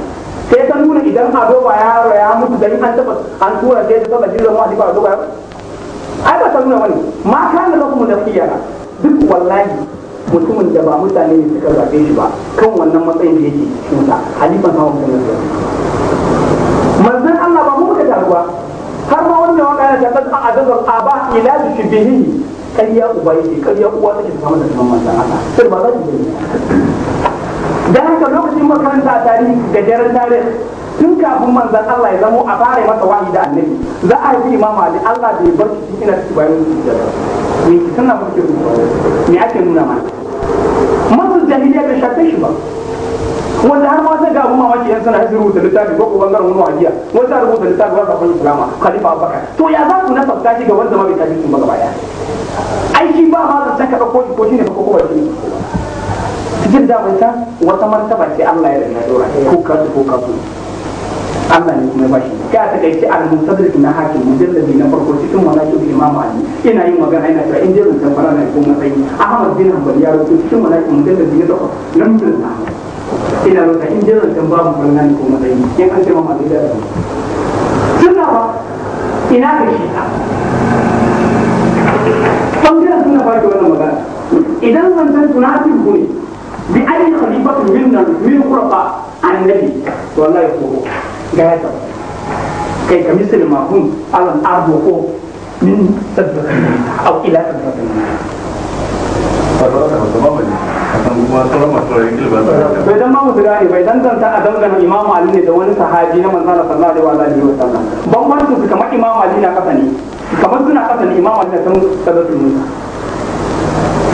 sai ta nuna idan a zo ba yaro ya mutu da an taba an tura sai ta sallah jirgin ma ba a zo ba ai ba ta nuna bane ma ka lakum da khiyara duk wallahi mutumin da ba mutane ne suka zaɓe shi ba kan wannan matsayin da yake cikin halifan hawa mutum ne manzon Allah ba mu muka taruwa har ma wannan wanda yana tabbata a azazar aba ila shibihi kariya uba yake kariya uwa take ta samu da sunan manzon Allah sai ba za ki gani dan haka lokacin makaranta tarihi da daren tarihi tun kafin manzan Allah ya zamo a fara masa wahi da annabi za a yi imama da Allah bai bar shi ina cikin bayan mutum ne me ki sanna muke me ake nuna ma masu jahiliya bai shafe shi ba wanda har ma ga abun mamaki yan sana su rubuta littafi ko bangaren wani wajiya wani ta rubuta littafi wata kwan islama khalifa abubakar to ya za ku nasabta shi ga wanda ma bai tafi sun ba gaba daya Aiki ba ma zan ka dauko ko shi ne ko ba shi cikin damanta wata martaba ce Allah ya rana dora ko kasu ko kasu Allah ne kuma bashi kai a takaice al-musaddiq na hakim mujallabi na farko cikin manaqib Imam Ali ina yin magana ina cewa in je rubutan farana ko matsayi Ahmad bin Hanbal ya rubuta cikin manaqib mujallabi na farko nan bin ina rubuta in je rubutan babu farana ko matsayi in an ce ma Ali da sunna ba ina ga shi ta bangaren suna ba ki wannan magana idan zantan tunatin ku ne bi ayi khalifatun minna min qurba annabi wallahi ko ga ya tabbata kai ka misali mahun alan arbo ko min tabbatin au ila tabbatin bai dan mamu gane bai danganta a dangana imamu ali ne da wani sahabi na manzana sallallahu alaihi wa sallam bambancin su kamar imamu ali na kasa ne kamar suna kasa ne imamu ali na san sabbin musa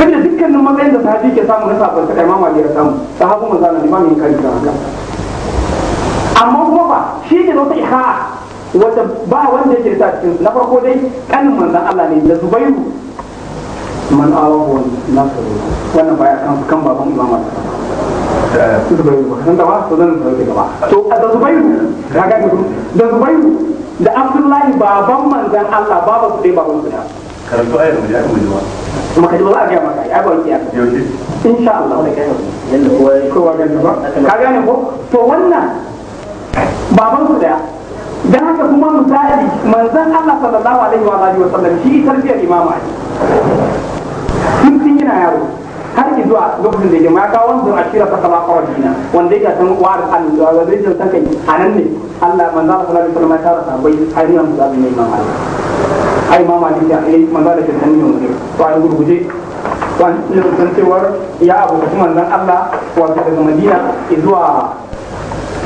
tunda dukkanin matsayin da sahabi ke samu na sabon ta imamu ali ya samu sahabu manzana ne ba mai kari da haka amma kuma ba shi ne wata iha'a wata ba wanda ke da cikin na farko dai kanin manzan Allah ne da Zubairu man awahu nasaru wannan baya kan kan baban Imam da eh, Zubairu ba san da ba to zan dauke gaba to da Zubairu ka ga da Zubairu da Abdullahi baban manzan Allah baba su dai baban su da karatu ayar mu ya kuma kuma ka ba za a gaya maka ai ba kiya yaushe insha Allah da kai yalla kowa kowa ganin ba ka gane ko to wannan baban su daya dan haka kuma misali manzon Allah sallallahu alaihi wa alihi wasallam shi tarbiyar imama ne tun tun yana yaro har ki zuwa lokacin da ya ma kawo wanzan ashira ta kala qawdina wanda yake san war an wanda yake san kai anan ne Allah manzon Allah sallallahu alaihi wasallam ya tara sabai har yanzu da ne imama ne ai imama ne ya ai manzon da ke sanin ne to ai gurguje wannan cewar ya abu kuma manzon Allah wato daga Madina zuwa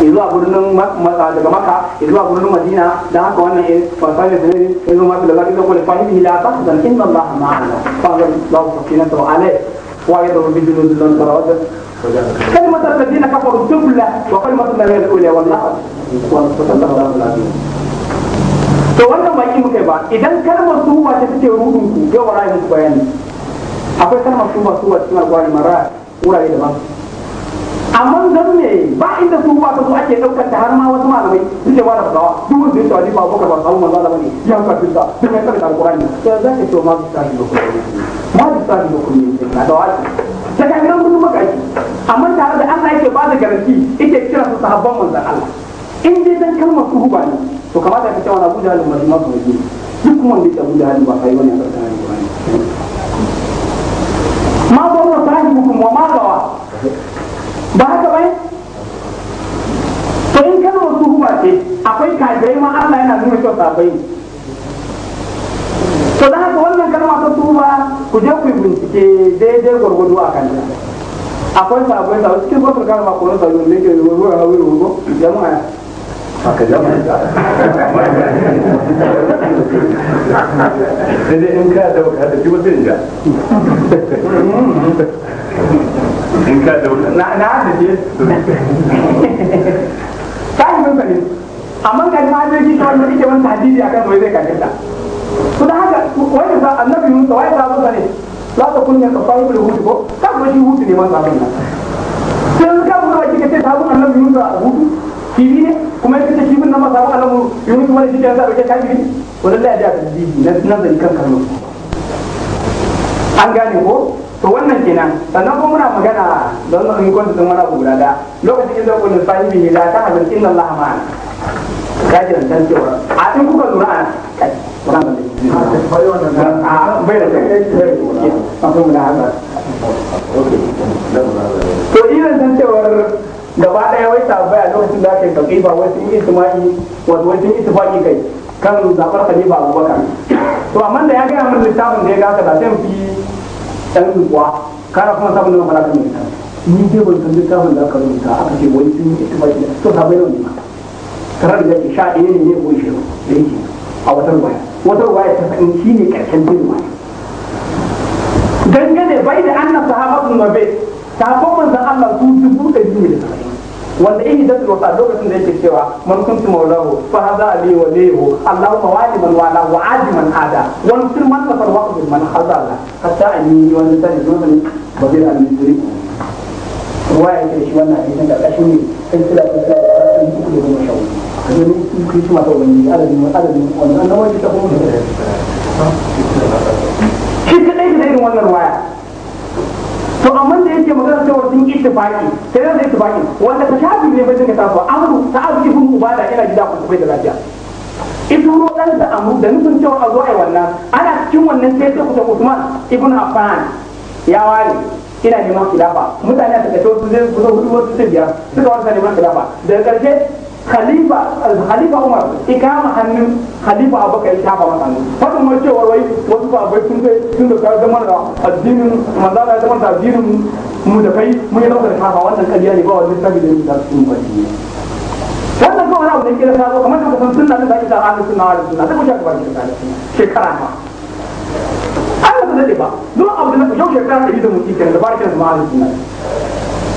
zuwa birnin daga maka zuwa birnin madina da haka wannan ya fasa ne zai ya zo masu da zaɓi da kwale fahimci la ta zan in zan laha ma'ana fa'azan za ku fafi na tawa alai wa ya zama bijin zan tsara wajen to wannan baki muka ba idan kalmar suwa ta take ruhun yau yau ra'ayin bayani akwai kalmar suwa suwa cikin gwari mara wurare daban amma zan me ba inda su ba su ake daukar ta har ma wasu malamai suke ba da fatawa duk wanda ya tawali ba ka ba samu manzo Allah bane ya ka fi da mai karanta alqur'ani to za ka ce ma su ta yi kuma ma su tafi da kuma na da wani ta ga nan maka shi amma tare da Allah yake ba da garanti yake kira su sahabban manzo Allah in dai dan kalmar su ba ne to kamata ka ce wani Abu Jahl mazuma su ne duk wanda ya Abu Jahl ba kai wani a karkar alqur'ani ma ba mu sahibukum wa ma gawa to in kalmar suhuba ce akwai kajirai ma Allah yana nuna kyau sabai to da haka wannan kalma ta suhuba ku je ku bincike daidai gwargwado a kan akwai sabai sabai cikin gwasar kalma ko na sabai ne ke da wani wani wani wani jama'a haka jama'a sai dai in ka da ka da kiwo sai ja hmm. in ka da na na da malamin sa ne amma ga ma da shi ta wani ke wani hadisi akan wai zai kafirta su da haka wani sa annabi Musa wai sabon sa ne za ta kunya ka faru da hutu ko ka ba shi hutu ne ma sabon nan sai yanzu ka buga shi kace sabon annabi Musa a hutu kibi ne kuma kace kibin nan nama sabon annabi Yunus wani shi ke yanzu a bace kafiri wallahi da hadisi na nazari kan kalmar an gane ko to wannan kenan sannan kuma muna magana da wannan in kwanta sun wani abu guda da lokacin inda kullum sahibi ne la ta hazin inna Allah ma'ana ya ji nan cewa a in kuka lura ana kai bai da to irin san cewa gaba daya wai sabai a lokacin da aka yi wai sun yi istimaki wato sun yi istifaki kai kan zaɓar khalifa abubakar to amma da ya gaya min littafin da ya gaka da sai fi ɗan kuwa kara kuma sabon da mafara kan ita ni dai ban san littafin da aka rubuta aka ce wani sun yi ittifaqi da to sabai ne ma tarar da ke sha ɗaya ne ne ko shi da yake a wata ruwaya wata ruwaya ta sa'in shi ne ƙarshen bin ruwaya dangane bai da annan sahabatun mabe sahabban manzan Allah su dubu ɗari ne da sabai wanda yake da wasa lokacin da yake cewa man kuntu maulahu fa hadha ali wa lahu allahumma wajiban wa la wa ajiman ada wa nusir man fa waqt man hazala hatta ani wa nisani nuzani babir al mudrik wa yake shi wannan hadisin da kashi ne sai sila ta sila da rasul duk da mun shawo kaje ne sun kai shi mata wani adadin adadin wannan wani ta kuma da shi kadai da irin wannan waya to amma da yake magana cewa sun yi ittifaqi sai da ittifaqi wanda ta shafi ne bai dinga tasowa amru sa'ad ibn ubada ina gida ku bai da lafiya ibnu rodan da amru da nufin cewa a zo ai wannan ana cikin wannan sai ta kusa usman ibn affan ya ware ina neman khilafa mutane a takaice su zai kusa hudu wasu sai suka wani neman khilafa daga karshe khalifa khalifa umar ikama hannun khalifa abubakar ya tafa masa hannu fadin mai cewa wai wasu bai sun kai sun da kawai zama da addinin manzala ya zama da addinin mu da kai mu yi lokacin kafa wannan kariya ne ba wani sabi da yin da sun bari wannan kawai na ne kira zo kamar da kusan sunna da ita da ahlus sunna ahlus sunna da kuka bari shekara ma Allah ba zai ba don abu da yau shekara da yi da mutum kenan da barkin da ma'alusunan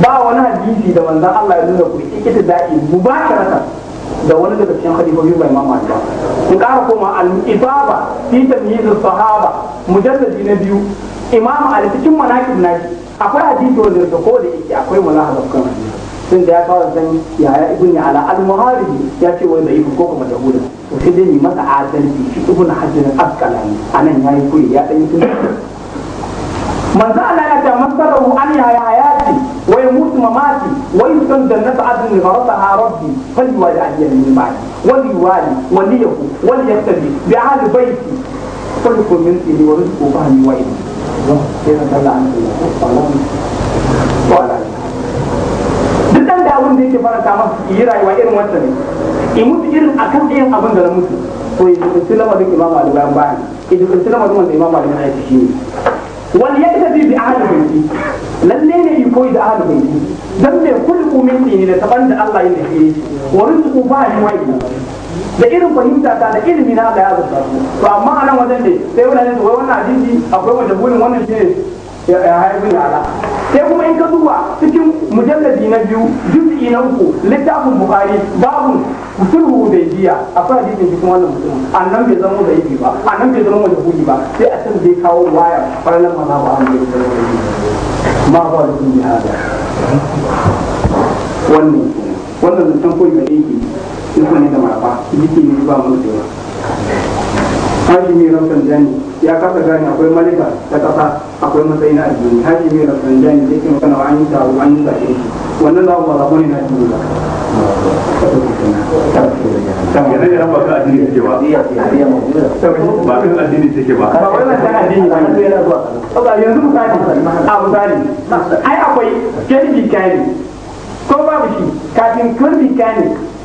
ba wani hadisi da manzon Allah ya nuna ku ikita da'i mubasharatan da wani daga cikin khalifofi bai mama ba in ƙara koma al-ibaba fi tamyiz sahaba mujalladi na biyu imam ali cikin manaqib shi akwai hadisi wanda da ko da yake akwai mulahazab kan sun da ya kawo zan yaya ibn ala al-muharibi ya ce wai bai ko kuma jahuda to sai dai ni masa adalci shi ibn hajar al-asqalani anan yayi koyi ya dan yi manzo Allah ya ce masalahu an ya hayati wa yamutu mamati wa yusan jannatu adnin gharataha rabbi ba yuwali min ba'di wa yuwali waliyahu wa yastabi bi ahli baiti fal kun min tihi wa rizqu fahmi wa ilmi yana da Allah an duk dan da abun da yake faranta masa yi rayuwa irin wannan ne in mutu irin akan ɗayan abin da na mutu to ya jikunci lamarin imamu alibayan bayan ya jikunci lamarin wanda imamu alibayan ya shi ne wani yaqtadi bi ahli lalle ne yi koyi da ahli baiti dan ne kullu min dini da taban da Allah ya yi wa rizqu ba ni wai da irin fahimta ta da ilimi na Allah ya to amma a nan wajen ne sai wani ne wai wannan hadisi akwai wanda burin wannan ne ya haifi ala. sai kuma in ka duba cikin mujalladi na biyu juz'i na uku littafin bukari babu sulhu bai jiya akwai hadisin shi kuma wannan mutum annan bai zama da yi ba annan bai zama wani huli ba sai a can zai kawo waya farlan maza ba an yi ma ba da kun hada wannan wannan zancen koyi da yake ne da marafa jiki ne ba mutum hajimi rafin jani ya kasa gane akwai malika ta kasa akwai matsayi na addini hajimi rafin jani da ke magana wa an taru an ke shi wannan za a ba zaɓo ne na addini ba kafin kan bikani akwai kafin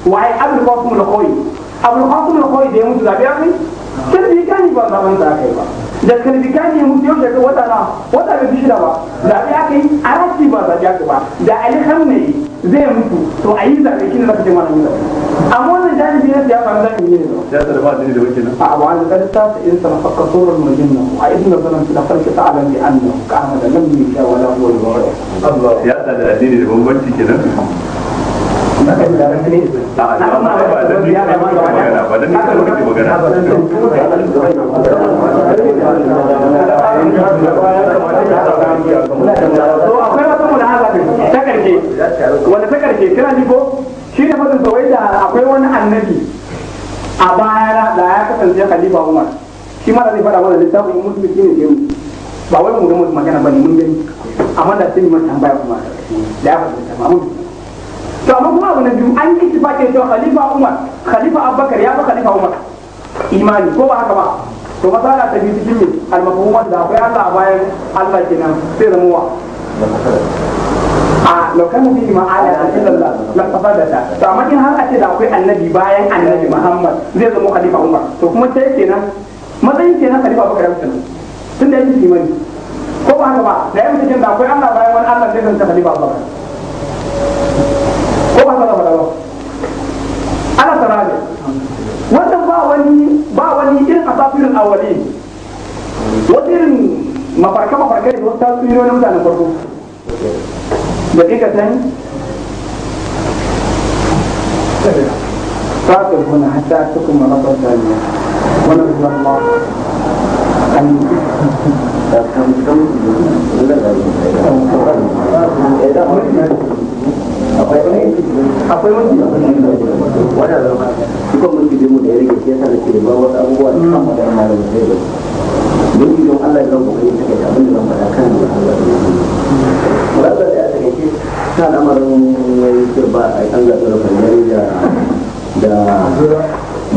wa ai abu da kwasu mulkoi abu da kwasu mulkoi da ya mutu zabi ya bi kalbi kani ba zaben sa kai ba da kalbi kani mutu yau daga wata na wata da bishira ba zaɓe aka yi a rashi ba zaɓe aka ba da ali hamne zai mutu to a yi zaɓe shi ne zaka je mana yi zaɓe amma wannan jami'i na siyasa na zan yi ne ya tsara ba dani da wake nan a wani kan ta ta in sama fakka tsoron mujinna a idin da zanen da farki ta alam bi annu ka amma da nan ne ya wala huwa da wala Allah ya tsara da addini da bambanci kenan akwai wata munaza ta karshe wanda ta karshe kira ni ko shi ne fadin sawai da akwai wani annabi a baya da ya kasance khalifa umar shi ma da zai fada mana littafin musulmi shi ne shehu ba wai mu ga mutum magana ba ne mun gani amma da sun yi tambaya kuma da ya fadin ta to amma kuma abu na biyu an yi ittifaqi cewa khalifa umar khalifa abubakar ya fi khalifa umar imani ko ba haka ba to masala ta biyu cikin min almafhumat da akwai Allah bayan Allah kenan sai zama wa ah, a lokacin da bihi ma'ala a cikin Allah la tafadata to amma in har a ce da akwai annabi bayan annabi Muhammad zai zama khalifa umar to kuma sai kenan matsayin kenan khalifa abubakar kenan tun da yake imani ko ba haka ba da ya mutu da akwai Allah bayan wani Allah zai zama khalifa abubakar ba ka ba ba ana sarari wannan ba wani ba wani irin asafirin awali wata irin mafarka mafarka da wasu tasiriyoyin mutanen farko da kika san فاقف هنا حتى أتكم مرة ثانية ونرجو الله أن تكون akwai mutu wadda zama cikin mutu bin mu da ya rike shi yasa da ke ba wasu abubuwa da kan magana na rabu sai bai don yi don Allah zan kokari ta kai abin da zan faɗa kan da Allah ba za da ya ta ta lamarin wani ba a kan zaɓar fanyar da da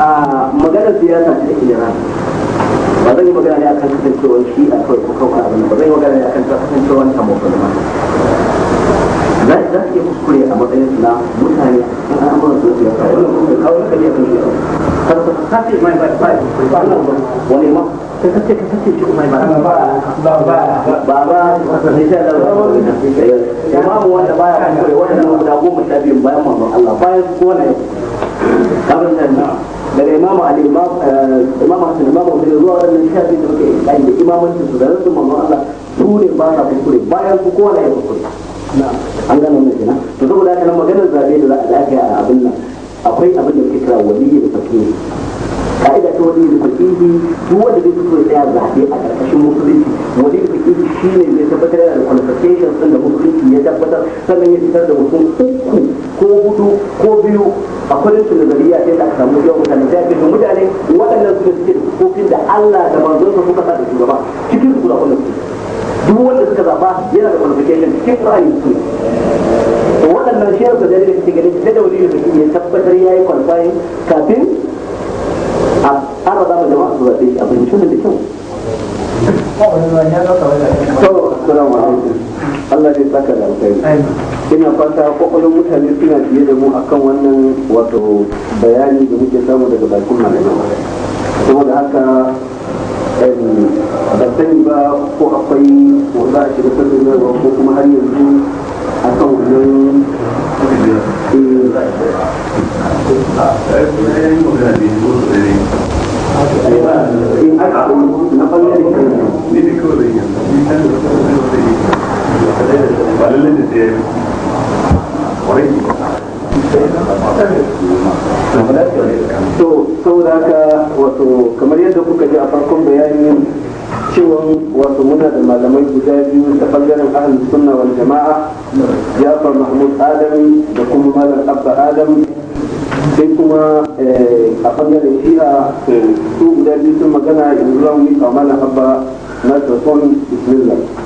a maganar siyasa ta take jira ba zan yi magana ne akan kasancewar shi a kawai ko kawai abin ba zan yi magana ne akan kasancewar tamofin ma za su iya kuskure a matsayin na mutane in an amura su ya kawo wani kuma kawai ka iya kan shi ka ce mai ba ba ba wani ma ka kace ka kace shi mai ba ba ba ba ba ba ne sai da ba ba wanda baya kuskure wanda na guda goma sha biyu bayan manzon Allah bayan kowane ya da na daga imamu ali imamu eh, hasan imamu hasan zuwa waɗannan shafi da suka yi kai da imamancin su da rasu manzon Allah su ne ba sa kukure, bayan su kowa na kukure. Na an gano wannan kenan to saboda haka nan maganar zabe da za a lafiya a abin nan akwai abin da kira waliyi da fakihi ka'ida ta waliyi da fakihi duk wanda zai fito ya tsaya zabe a ƙarƙashin musulunci waliyi da fakihi shine mai tabbatar da qualifications din da musulunci ya tabbatar sannan ya fitar da mutum uku ko hudu ko biyu a kullum su nazariya sai da aka samu yau mutane sai ake mutane waɗannan suka suke da da Allah da manzon sa suka da shugaba cikin su zaɓa su duk wanda suka zaɓa yana da qualification cikin ra'ayin su waɗannan shi yasa da yake cikin gari da da waliyu zaki ya tabbatar yayi qualifying kafin a ara da jama'a su zaɓe a bincin da kyau to assalamu alaikum Allah ya saka da alkhairi ina fata kwakwalon mutane suna fiye da mu akan wannan wato bayani da muke samu daga bakin malamai kuma da haka da sani ba ko akwai ko za a shiga sassan yarwa ko kuma har yanzu akan wannan eh, na to saboda wato kamar yadda kuka ji a farkon bayanin cewa wato muna da malamai guda biyu da bangaren ahal sunna wal jama'a jafar mahmud adam da kuma malam abba adam sai kuma eh, a bangaren shi'a su guda biyu sun magana yanzu za mu yi abba na tsakon bismillah